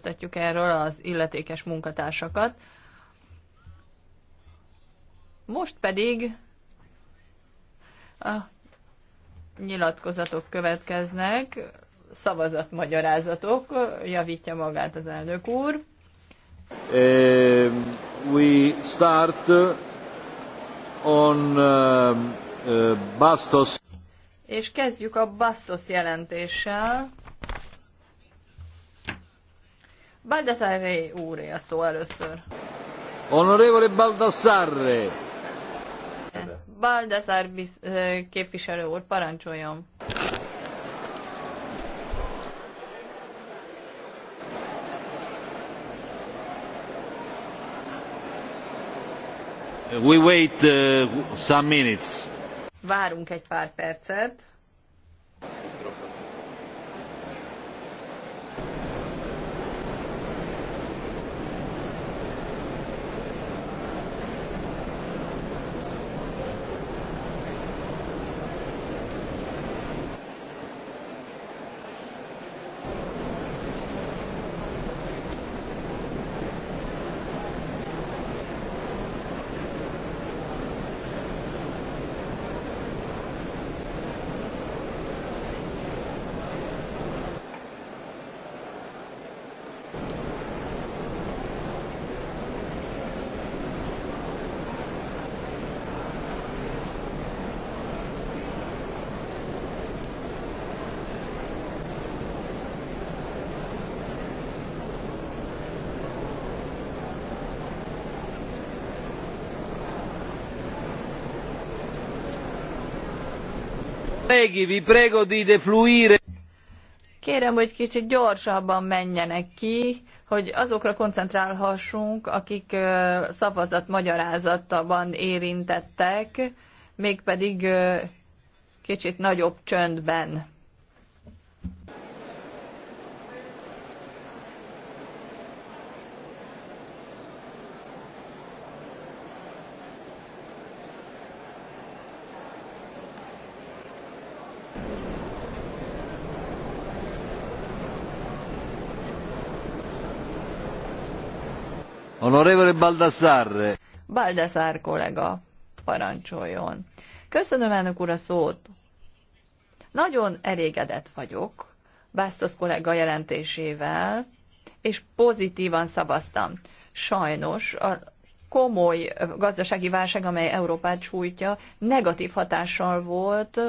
tájékoztatjuk erről az illetékes munkatársakat. Most pedig a nyilatkozatok következnek, szavazatmagyarázatok, javítja magát az elnök úr. Uh, we start uh, on uh, uh, Bastos. És kezdjük a Bastos jelentéssel. Baldassarre úré a szó először. Honorevole Baldassarre! Baldassar biz- képviselő úr, parancsoljon! We wait uh, some minutes. Várunk egy pár percet. Kérem, hogy kicsit gyorsabban menjenek ki, hogy azokra koncentrálhassunk, akik szavazat magyarázatban érintettek, mégpedig kicsit nagyobb csöndben. Honorevole Baldassarre. Baldassar kollega, parancsoljon. Köszönöm elnök úr a szót. Nagyon elégedett vagyok Bastos kollega jelentésével, és pozitívan szavaztam. Sajnos a komoly gazdasági válság, amely Európát sújtja, negatív hatással volt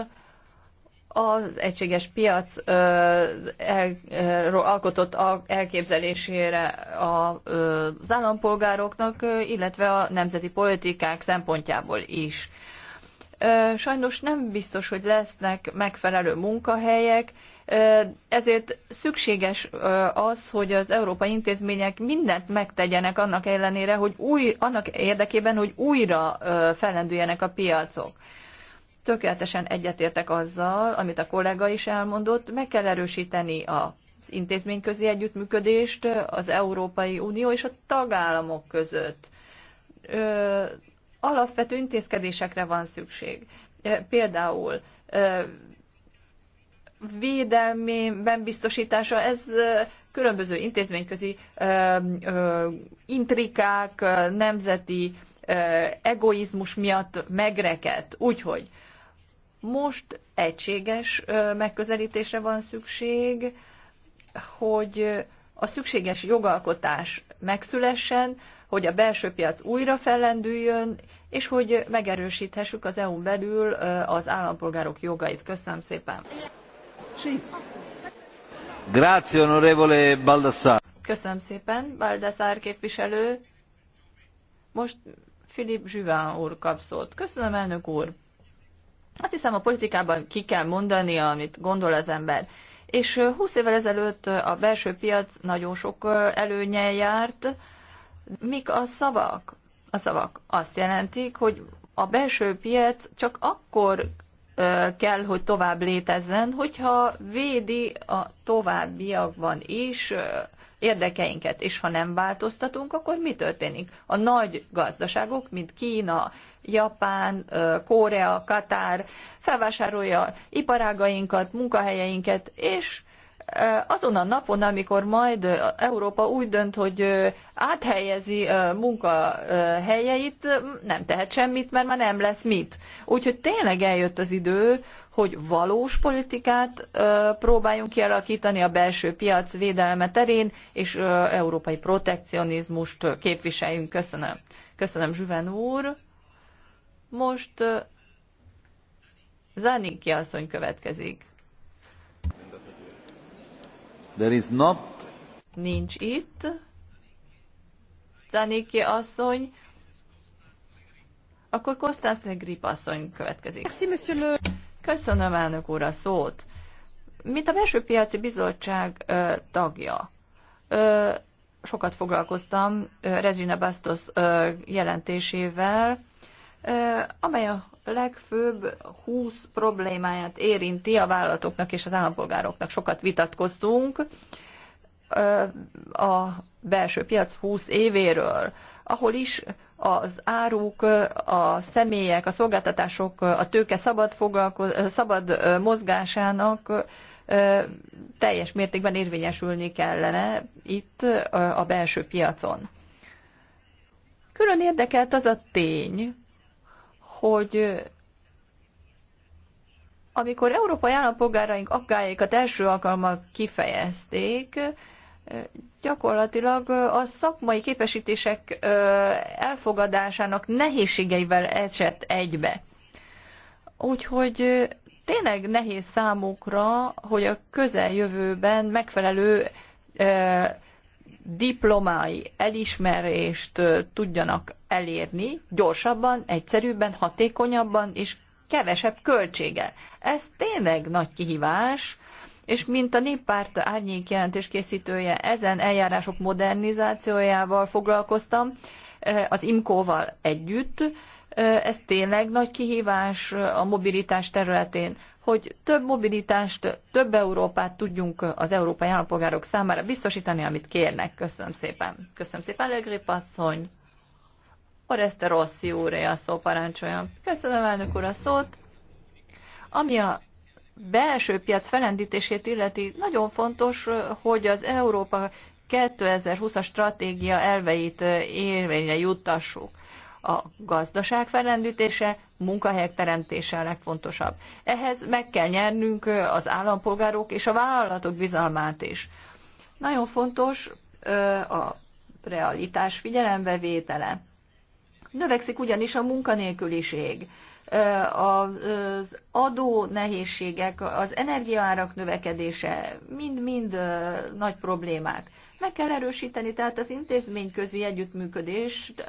az egységes piac alkotott elképzelésére az állampolgároknak, illetve a nemzeti politikák szempontjából is. Sajnos nem biztos, hogy lesznek megfelelő munkahelyek, ezért szükséges az, hogy az európai intézmények mindent megtegyenek annak ellenére, hogy új, annak érdekében, hogy újra felendüljenek a piacok tökéletesen egyetértek azzal, amit a kollega is elmondott, meg kell erősíteni az intézményközi együttműködést az Európai Unió és a tagállamok között. Ö, alapvető intézkedésekre van szükség. Például ö, védelmében biztosítása, ez különböző intézményközi ö, ö, intrikák, nemzeti egoizmus miatt megreket, Úgyhogy most egységes megközelítésre van szükség, hogy a szükséges jogalkotás megszülessen, hogy a belső piac újra fellendüljön, és hogy megerősíthessük az EU-n belül az állampolgárok jogait. Köszönöm szépen! Grazie, onorevole Baldassar. Köszönöm szépen, Baldassar képviselő. Most Filip Zsüván úr kap szót. Köszönöm, elnök úr! Azt hiszem, a politikában ki kell mondani, amit gondol az ember. És 20 évvel ezelőtt a belső piac nagyon sok előnye járt. Mik a szavak? A szavak azt jelentik, hogy a belső piac csak akkor kell, hogy tovább létezzen, hogyha védi a továbbiakban is érdekeinket, és ha nem változtatunk, akkor mi történik? A nagy gazdaságok, mint Kína, Japán, Korea, Katár felvásárolja iparágainkat, munkahelyeinket, és azon a napon, amikor majd Európa úgy dönt, hogy áthelyezi munkahelyeit, nem tehet semmit, mert már nem lesz mit. Úgyhogy tényleg eljött az idő, hogy valós politikát próbáljunk kialakítani a belső piac védelme terén, és európai protekcionizmust képviseljünk. Köszönöm. Köszönöm, Zsüven úr. Most Zanicki asszony következik. There is not... Nincs itt. Zaniki asszony. Akkor Kostas Negrip asszony következik. Köszönöm, elnök úr, a szót. Mint a Belső Piaci Bizottság ö, tagja, ö, sokat foglalkoztam ö, Regina Bastos ö, jelentésével, ö, amely a legfőbb 20 problémáját érinti a vállalatoknak és az állampolgároknak. Sokat vitatkoztunk a belső piac 20 évéről, ahol is az áruk, a személyek, a szolgáltatások, a tőke szabad, szabad mozgásának teljes mértékben érvényesülni kellene itt a belső piacon. Külön érdekelt az a tény, hogy amikor európai állampolgáraink aggájaikat első alkalommal kifejezték, gyakorlatilag a szakmai képesítések elfogadásának nehézségeivel esett egybe. Úgyhogy tényleg nehéz számukra, hogy a közeljövőben megfelelő diplomai elismerést tudjanak elérni gyorsabban, egyszerűbben, hatékonyabban és kevesebb költséggel. Ez tényleg nagy kihívás, és mint a néppárt jelentés készítője, ezen eljárások modernizációjával foglalkoztam, az IMKO-val együtt, ez tényleg nagy kihívás a mobilitás területén hogy több mobilitást, több Európát tudjunk az európai állampolgárok számára biztosítani, amit kérnek. Köszönöm szépen. Köszönöm szépen, Legrip asszony. Oreste Rossi úré a szó parancsoljon. Köszönöm, elnök úr, a szót. Ami a belső piac felendítését illeti, nagyon fontos, hogy az Európa 2020-as stratégia elveit érvényre juttassuk a gazdaság felrendítése, munkahelyek teremtése a legfontosabb. Ehhez meg kell nyernünk az állampolgárok és a vállalatok bizalmát is. Nagyon fontos a realitás figyelembevétele. Növekszik ugyanis a munkanélküliség, az adó nehézségek, az energiaárak növekedése, mind-mind nagy problémák. Meg kell erősíteni tehát az intézményközi együttműködést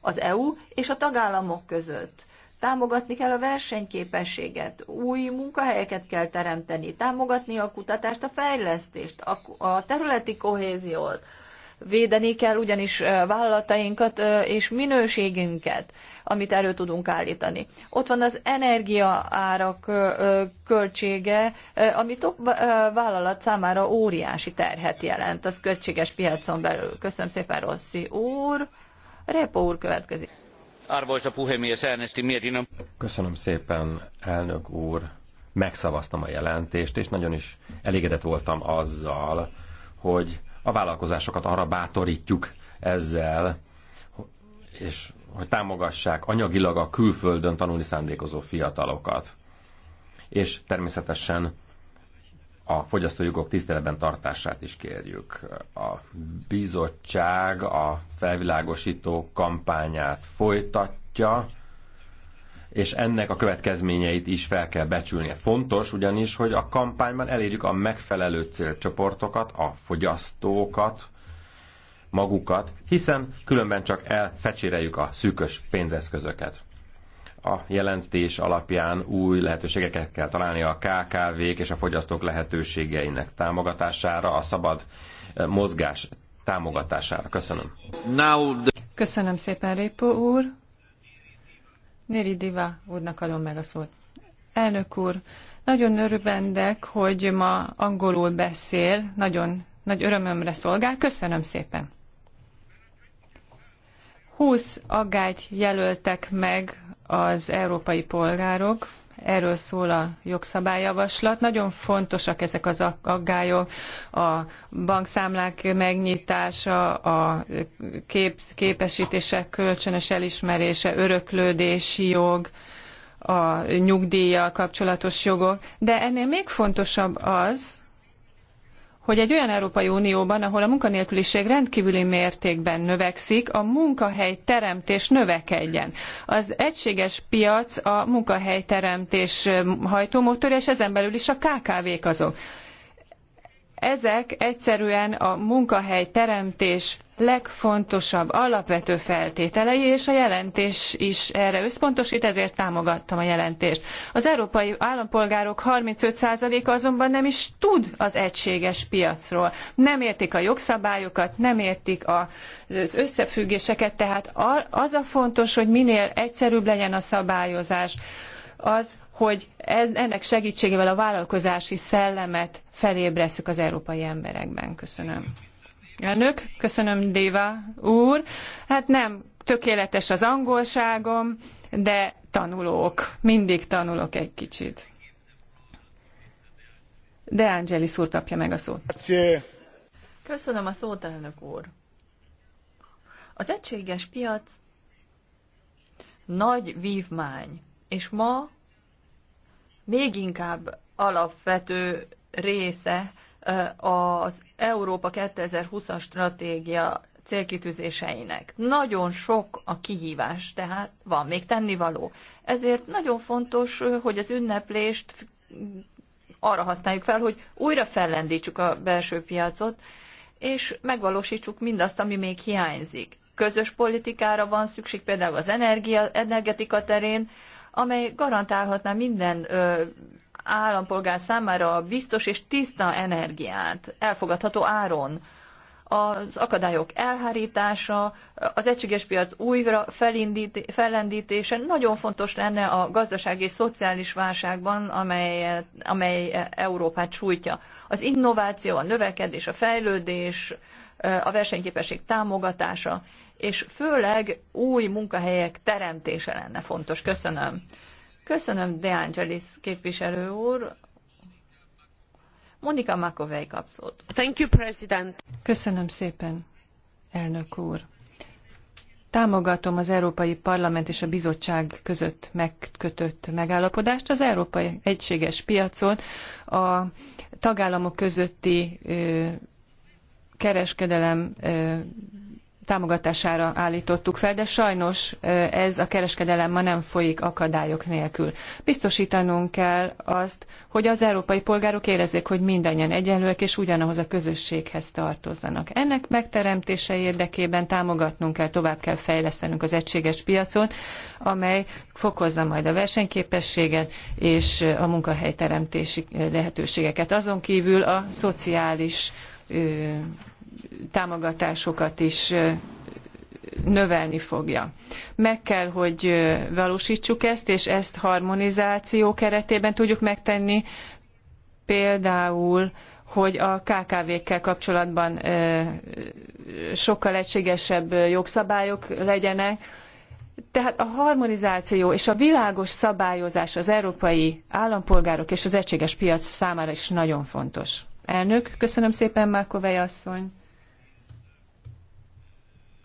az EU és a tagállamok között. Támogatni kell a versenyképességet, új munkahelyeket kell teremteni, támogatni a kutatást, a fejlesztést, a, területi kohéziót, védeni kell ugyanis vállalatainkat és minőségünket, amit elő tudunk állítani. Ott van az energiaárak költsége, ami top vállalat számára óriási terhet jelent, az költséges piacon belül. Köszönöm szépen, Rosszi úr! Repo úr következik. Arvoisa puhemies, äänestin mietinnön. Köszönöm szépen, elnök úr. Megszavaztam a jelentést, és nagyon is elégedett voltam azzal, hogy a vállalkozásokat arra bátorítjuk ezzel, és hogy támogassák anyagilag a külföldön tanulni szándékozó fiatalokat. És természetesen a fogyasztójogok tiszteletben tartását is kérjük. A bizottság a felvilágosító kampányát folytatja, és ennek a következményeit is fel kell becsülnie. Fontos ugyanis, hogy a kampányban elérjük a megfelelő célcsoportokat, a fogyasztókat, magukat, hiszen különben csak elfecséreljük a szűkös pénzeszközöket a jelentés alapján új lehetőségeket kell találni a KKV-k és a fogyasztók lehetőségeinek támogatására, a szabad eh, mozgás támogatására. Köszönöm. The... Köszönöm szépen, Répo úr. Néri Diva úrnak adom meg a szót. Elnök úr, nagyon örvendek, hogy ma angolul beszél, nagyon nagy örömömre szolgál. Köszönöm szépen. 20 aggályt jelöltek meg az európai polgárok, erről szól a jogszabályjavaslat. Nagyon fontosak ezek az aggályok, a bankszámlák megnyitása, a kép, képesítések kölcsönös elismerése, öröklődési jog, a nyugdíjjal kapcsolatos jogok, de ennél még fontosabb az, hogy egy olyan Európai Unióban, ahol a munkanélküliség rendkívüli mértékben növekszik, a munkahely teremtés növekedjen. Az egységes piac a munkahely teremtés hajtómotor, és ezen belül is a KKV-k azok. Ezek egyszerűen a munkahely teremtés legfontosabb alapvető feltételei, és a jelentés is erre összpontosít, ezért támogattam a jelentést. Az európai állampolgárok 35%-a azonban nem is tud az egységes piacról. Nem értik a jogszabályokat, nem értik az összefüggéseket, tehát az a fontos, hogy minél egyszerűbb legyen a szabályozás. Az hogy ez, ennek segítségével a vállalkozási szellemet felébresszük az európai emberekben. Köszönöm. Elnök, köszönöm Déva úr. Hát nem tökéletes az angolságom, de tanulok, mindig tanulok egy kicsit. De Angelis úr kapja meg a szót. Köszönöm a szót, elnök úr. Az egységes piac nagy vívmány, és ma még inkább alapvető része az Európa 2020-as stratégia célkitűzéseinek. Nagyon sok a kihívás, tehát van még tennivaló. Ezért nagyon fontos, hogy az ünneplést arra használjuk fel, hogy újra fellendítsük a belső piacot, és megvalósítsuk mindazt, ami még hiányzik. Közös politikára van szükség, például az energia, energetika terén, amely garantálhatná minden állampolgár számára a biztos és tiszta energiát elfogadható áron. Az akadályok elhárítása, az egységes piac újra felindít, fellendítése nagyon fontos lenne a gazdasági és szociális válságban, amely, amely Európát sújtja. Az innováció, a növekedés, a fejlődés, a versenyképesség támogatása, és főleg új munkahelyek teremtése lenne fontos. Köszönöm. Köszönöm, De Angelis képviselő úr. Monika Makovej kapszót. Thank you, President. Köszönöm szépen, elnök úr. Támogatom az Európai Parlament és a Bizottság között megkötött megállapodást, az Európai Egységes Piacon a tagállamok közötti kereskedelem támogatására állítottuk fel, de sajnos ez a kereskedelem ma nem folyik akadályok nélkül. Biztosítanunk kell azt, hogy az európai polgárok érezzék, hogy mindannyian egyenlőek és ugyanahoz a közösséghez tartozzanak. Ennek megteremtése érdekében támogatnunk kell, tovább kell fejlesztenünk az egységes piacot, amely fokozza majd a versenyképességet és a munkahelyteremtési lehetőségeket. Azon kívül a szociális támogatásokat is növelni fogja. Meg kell, hogy valósítsuk ezt, és ezt harmonizáció keretében tudjuk megtenni, például hogy a KKV-kkel kapcsolatban sokkal egységesebb jogszabályok legyenek. Tehát a harmonizáció és a világos szabályozás az európai állampolgárok és az egységes piac számára is nagyon fontos. Elnök, köszönöm szépen, Mákovej asszony.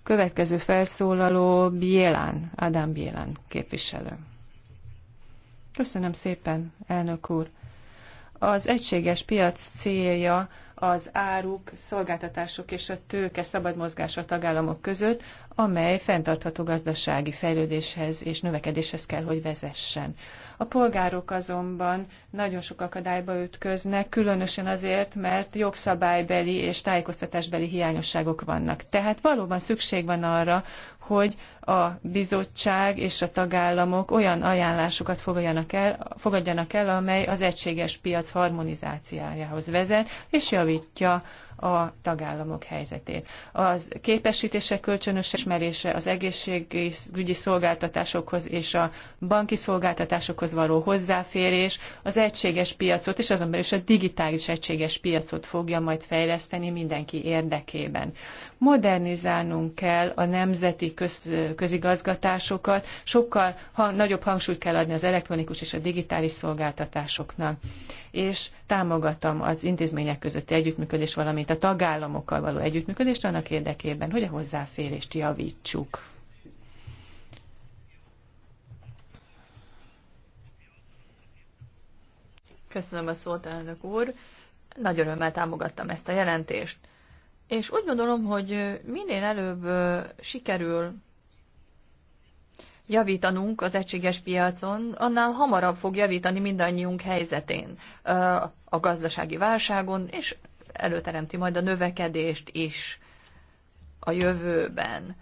Következő felszólaló Bielán, Ádám Bielán képviselő. Köszönöm szépen, elnök úr. Az egységes piac célja az áruk, szolgáltatások és a tőke szabad mozgása tagállamok között, amely fenntartható gazdasági fejlődéshez és növekedéshez kell, hogy vezessen. A polgárok azonban nagyon sok akadályba ütköznek, különösen azért, mert jogszabálybeli és tájékoztatásbeli hiányosságok vannak. Tehát valóban szükség van arra, hogy a bizottság és a tagállamok olyan ajánlásokat fogadjanak el, fogadjanak el amely az egységes piac harmonizációjához vezet, és javítja a tagállamok helyzetét. Az képesítések kölcsönös ismerése, az egészségügyi szolgáltatásokhoz és a banki szolgáltatásokhoz való hozzáférés az egységes piacot és azon belül is a digitális egységes piacot fogja majd fejleszteni mindenki érdekében. Modernizálnunk kell a nemzeti köz, közigazgatásokat, sokkal hang, nagyobb hangsúlyt kell adni az elektronikus és a digitális szolgáltatásoknak, és támogatom az intézmények közötti együttműködés, valamint valamint a tagállamokkal való együttműködést annak érdekében, hogy a hozzáférést javítsuk. Köszönöm a szót, elnök úr. Nagy örömmel támogattam ezt a jelentést. És úgy gondolom, hogy minél előbb sikerül javítanunk az egységes piacon, annál hamarabb fog javítani mindannyiunk helyzetén, a gazdasági válságon, és előteremti majd a növekedést is a jövőben.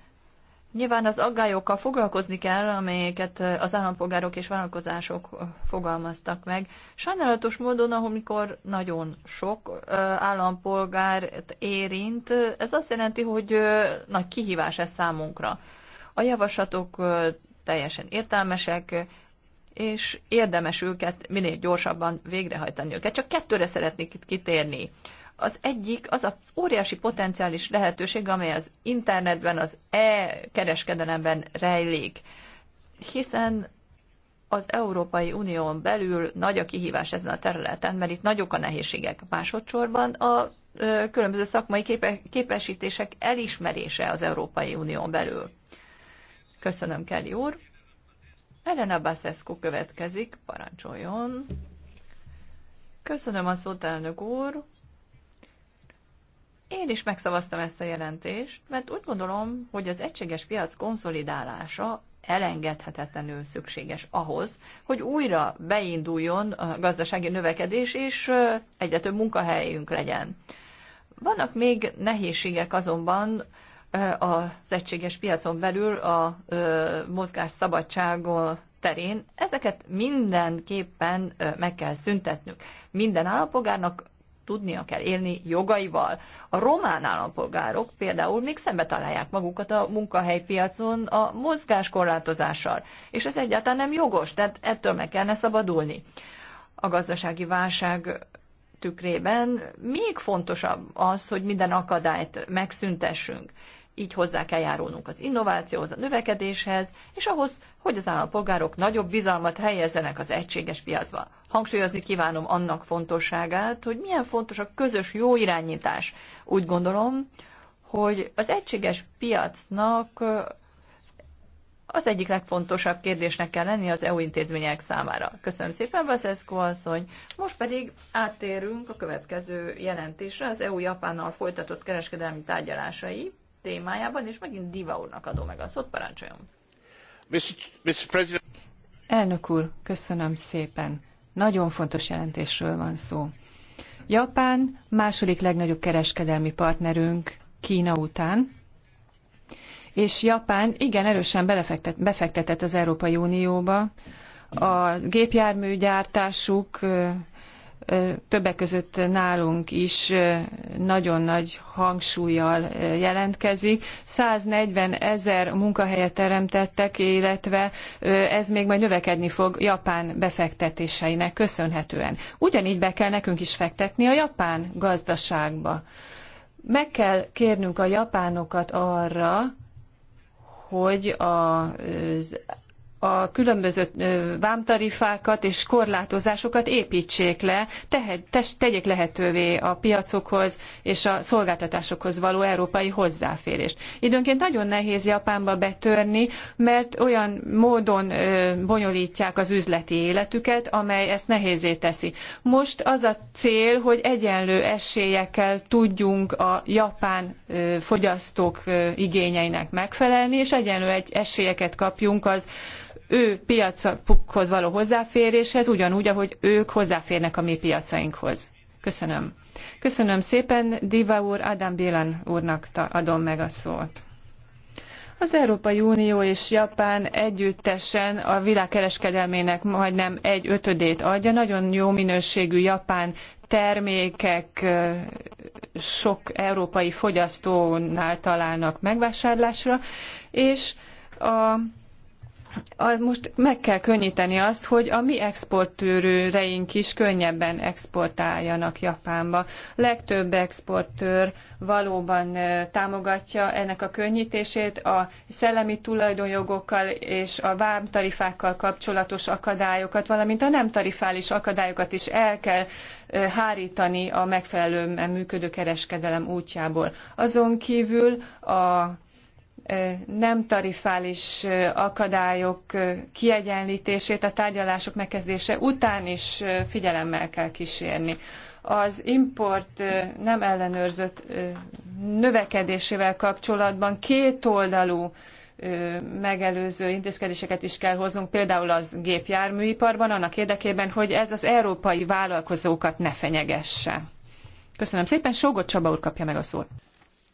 Nyilván az aggályokkal foglalkozni kell, amelyeket az állampolgárok és vállalkozások fogalmaztak meg. Sajnálatos módon, amikor nagyon sok állampolgárt érint, ez azt jelenti, hogy nagy kihívás ez számunkra. A javaslatok teljesen értelmesek, és érdemes őket minél gyorsabban végrehajtani őket. Csak kettőre szeretnék itt kitérni. Az egyik az a óriási potenciális lehetőség, amely az internetben, az e-kereskedelemben rejlik, hiszen az Európai Unión belül nagy a kihívás ezen a területen, mert itt nagyok a nehézségek. Másodszorban a különböző szakmai képe, képesítések elismerése az Európai Unión belül. Köszönöm, Kelly úr. Elena Basescu következik, parancsoljon. Köszönöm a szót, elnök úr. Én is megszavaztam ezt a jelentést, mert úgy gondolom, hogy az egységes piac konszolidálása elengedhetetlenül szükséges ahhoz, hogy újra beinduljon a gazdasági növekedés, és egyre több munkahelyünk legyen. Vannak még nehézségek azonban az egységes piacon belül a mozgás szabadságon terén. Ezeket mindenképpen meg kell szüntetnünk. Minden állampolgárnak tudnia kell élni jogaival. A román állampolgárok például még szembe találják magukat a munkahelypiacon a mozgáskorlátozással, és ez egyáltalán nem jogos, tehát ettől meg kellene szabadulni. A gazdasági válság tükrében még fontosabb az, hogy minden akadályt megszüntessünk így hozzá kell járulnunk az innovációhoz, a növekedéshez, és ahhoz, hogy az állampolgárok nagyobb bizalmat helyezzenek az egységes piacba. Hangsúlyozni kívánom annak fontosságát, hogy milyen fontos a közös jó irányítás. Úgy gondolom, hogy az egységes piacnak az egyik legfontosabb kérdésnek kell lenni az EU intézmények számára. Köszönöm szépen, Baszeszko asszony. Most pedig áttérünk a következő jelentésre, az EU-Japánnal folytatott kereskedelmi tárgyalásai témájában, és megint Diva úrnak adom meg a szót, parancsoljon. President. Elnök úr, köszönöm szépen. Nagyon fontos jelentésről van szó. Japán második legnagyobb kereskedelmi partnerünk Kína után, és Japán igen erősen belefektet, befektetett az Európai Unióba. A gépjárműgyártásuk többek között nálunk is nagyon nagy hangsúlyjal jelentkezik. 140 ezer munkahelyet teremtettek, illetve ez még majd növekedni fog Japán befektetéseinek köszönhetően. Ugyanígy be kell nekünk is fektetni a japán gazdaságba. Meg kell kérnünk a japánokat arra, hogy az a különböző vámtarifákat és korlátozásokat építsék le, tegyék lehetővé a piacokhoz és a szolgáltatásokhoz való európai hozzáférést. Időnként nagyon nehéz Japánba betörni, mert olyan módon bonyolítják az üzleti életüket, amely ezt nehézé teszi. Most az a cél, hogy egyenlő esélyekkel tudjunk a japán fogyasztók igényeinek megfelelni, és egyenlő esélyeket kapjunk az ő piacokhoz való hozzáféréshez, ugyanúgy, ahogy ők hozzáférnek a mi piacainkhoz. Köszönöm. Köszönöm szépen, Diva úr, Adam Bélan úrnak adom meg a szót. Az Európai Unió és Japán együttesen a világkereskedelmének majdnem egy ötödét adja. Nagyon jó minőségű japán termékek sok európai fogyasztónál találnak megvásárlásra, és a most meg kell könnyíteni azt, hogy a mi exportőrőreink is könnyebben exportáljanak Japánba. Legtöbb exportőr valóban támogatja ennek a könnyítését, a szellemi tulajdonjogokkal és a vámtarifákkal kapcsolatos akadályokat, valamint a nem tarifális akadályokat is el kell hárítani a megfelelően működő kereskedelem útjából. Azon kívül a nem tarifális akadályok kiegyenlítését a tárgyalások megkezdése után is figyelemmel kell kísérni. Az import nem ellenőrzött növekedésével kapcsolatban kétoldalú megelőző intézkedéseket is kell hoznunk, például az gépjárműiparban, annak érdekében, hogy ez az európai vállalkozókat ne fenyegesse. Köszönöm szépen, Sógott Csaba úr kapja meg a szót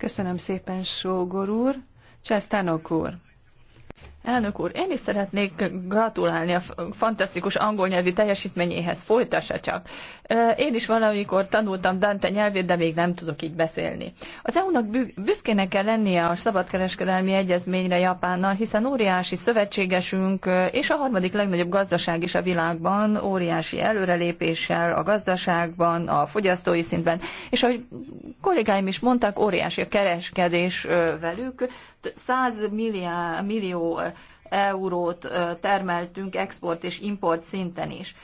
Köszönöm szépen, Sógor úr. Császtánok úr. Elnök úr, én is szeretnék gratulálni a fantasztikus angol nyelvi teljesítményéhez, folytassa csak. Én is valamikor tanultam Dante nyelvét, de még nem tudok így beszélni. Az EU-nak büszkének kell lennie a szabadkereskedelmi egyezményre Japánnal, hiszen óriási szövetségesünk, és a harmadik legnagyobb gazdaság is a világban, óriási előrelépéssel a gazdaságban, a fogyasztói szintben, és ahogy kollégáim is mondtak, óriási a kereskedés velük, 100 millió eurót termeltünk export és import szinten is.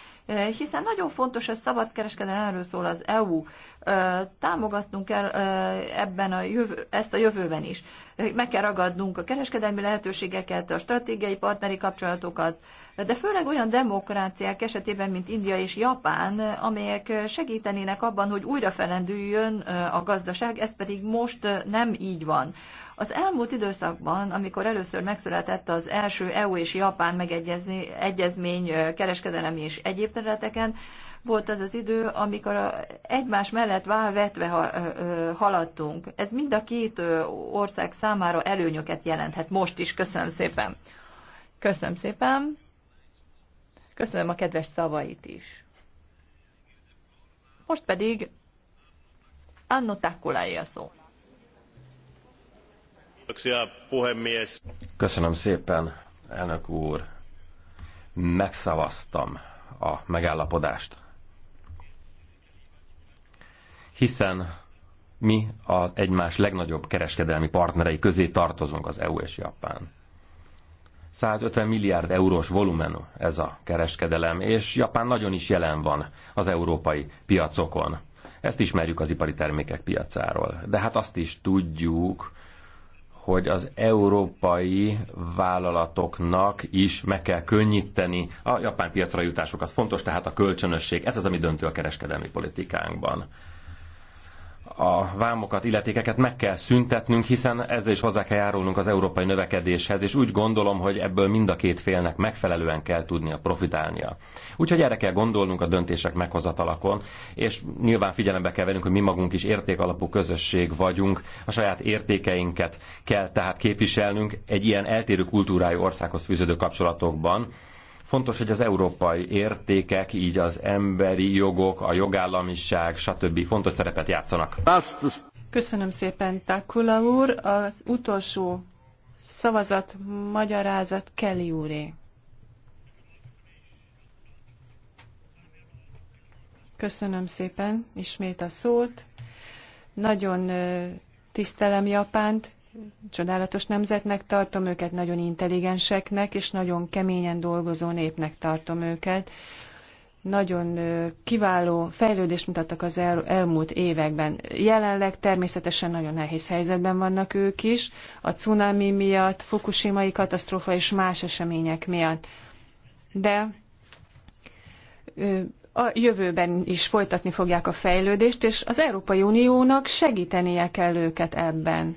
Hiszen nagyon fontos, hogy erről szól az EU. Támogatnunk kell ebben a jövő, ezt a jövőben is. Meg kell ragadnunk a kereskedelmi lehetőségeket, a stratégiai partneri kapcsolatokat, de főleg olyan demokráciák esetében, mint India és Japán, amelyek segítenének abban, hogy újra felendüljön a gazdaság, ez pedig most nem így van. Az elmúlt időszakban, amikor először megszületett az első EU és Japán megegyezmény egyezmény kereskedelemi és egyéb területeken, volt az az idő, amikor egymás mellett vetve haladtunk. Ez mind a két ország számára előnyöket jelenthet. Most is köszönöm szépen. Köszönöm szépen. Köszönöm a kedves szavait is. Most pedig Anno Takulai a szó. Köszönöm szépen, elnök úr. Megszavaztam a megállapodást. Hiszen mi az egymás legnagyobb kereskedelmi partnerei közé tartozunk az EU és Japán. 150 milliárd eurós volumenű ez a kereskedelem, és Japán nagyon is jelen van az európai piacokon. Ezt ismerjük az ipari termékek piacáról. De hát azt is tudjuk, hogy az európai vállalatoknak is meg kell könnyíteni a japán piacra jutásokat. Fontos tehát a kölcsönösség. Ez az, ami döntő a kereskedelmi politikánkban a vámokat, illetékeket meg kell szüntetnünk, hiszen ezzel is hozzá kell járulnunk az európai növekedéshez, és úgy gondolom, hogy ebből mind a két félnek megfelelően kell tudnia profitálnia. Úgyhogy erre kell gondolnunk a döntések meghozatalakon, és nyilván figyelembe kell vennünk, hogy mi magunk is értékalapú közösség vagyunk, a saját értékeinket kell tehát képviselnünk egy ilyen eltérő kultúrájú országhoz fűződő kapcsolatokban, Fontos, hogy az európai értékek, így az emberi jogok, a jogállamiság, stb. fontos szerepet játszanak. Köszönöm szépen, Takula úr. Az utolsó szavazat, magyarázat Kelly úré. Köszönöm szépen ismét a szót. Nagyon tisztelem Japánt, csodálatos nemzetnek tartom őket, nagyon intelligenseknek, és nagyon keményen dolgozó népnek tartom őket. Nagyon kiváló fejlődést mutattak az el, elmúlt években. Jelenleg természetesen nagyon nehéz helyzetben vannak ők is, a cunami miatt, fukushimai katasztrófa és más események miatt. De a jövőben is folytatni fogják a fejlődést, és az Európai Uniónak segítenie kell őket ebben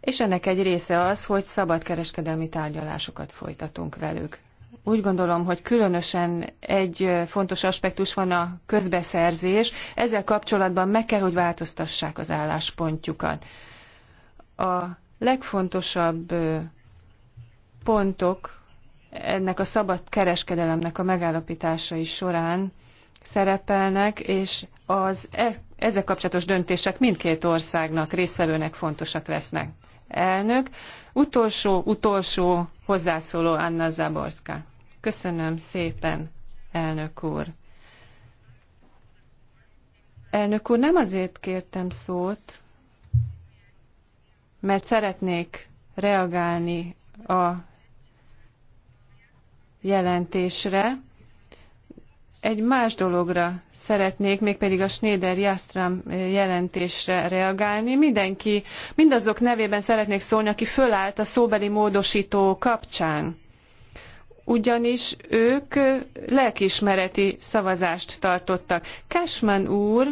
és ennek egy része az, hogy szabadkereskedelmi tárgyalásokat folytatunk velük. Úgy gondolom, hogy különösen egy fontos aspektus van a közbeszerzés. Ezzel kapcsolatban meg kell, hogy változtassák az álláspontjukat. A legfontosabb pontok ennek a szabad kereskedelemnek a megállapításai során szerepelnek, és az e- ezzel kapcsolatos döntések mindkét országnak, résztvevőnek fontosak lesznek elnök. Utolsó, utolsó hozzászóló Anna Zaborska. Köszönöm szépen, elnök úr. Elnök úr, nem azért kértem szót, mert szeretnék reagálni a jelentésre, egy más dologra szeretnék, mégpedig a Schneider Jastram eh, jelentésre reagálni. Mindenki, mindazok nevében szeretnék szólni, aki fölállt a szóbeli módosító kapcsán. Ugyanis ők eh, lelkiismereti szavazást tartottak. Cashman úr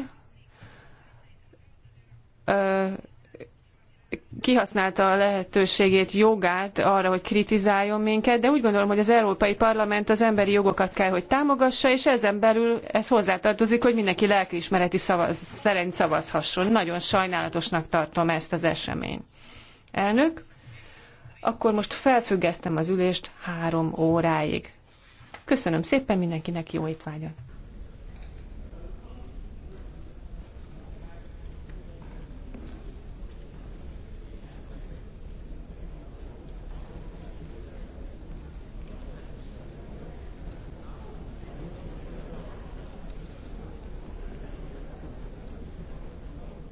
ö, eh, kihasználta a lehetőségét, jogát arra, hogy kritizáljon minket, de úgy gondolom, hogy az Európai Parlament az emberi jogokat kell, hogy támogassa, és ezen belül ez hozzátartozik, hogy mindenki lelkiismereti szavaz, szerint szavazhasson. Nagyon sajnálatosnak tartom ezt az eseményt. Elnök, akkor most felfüggesztem az ülést három óráig. Köszönöm szépen mindenkinek, jó étvágyat!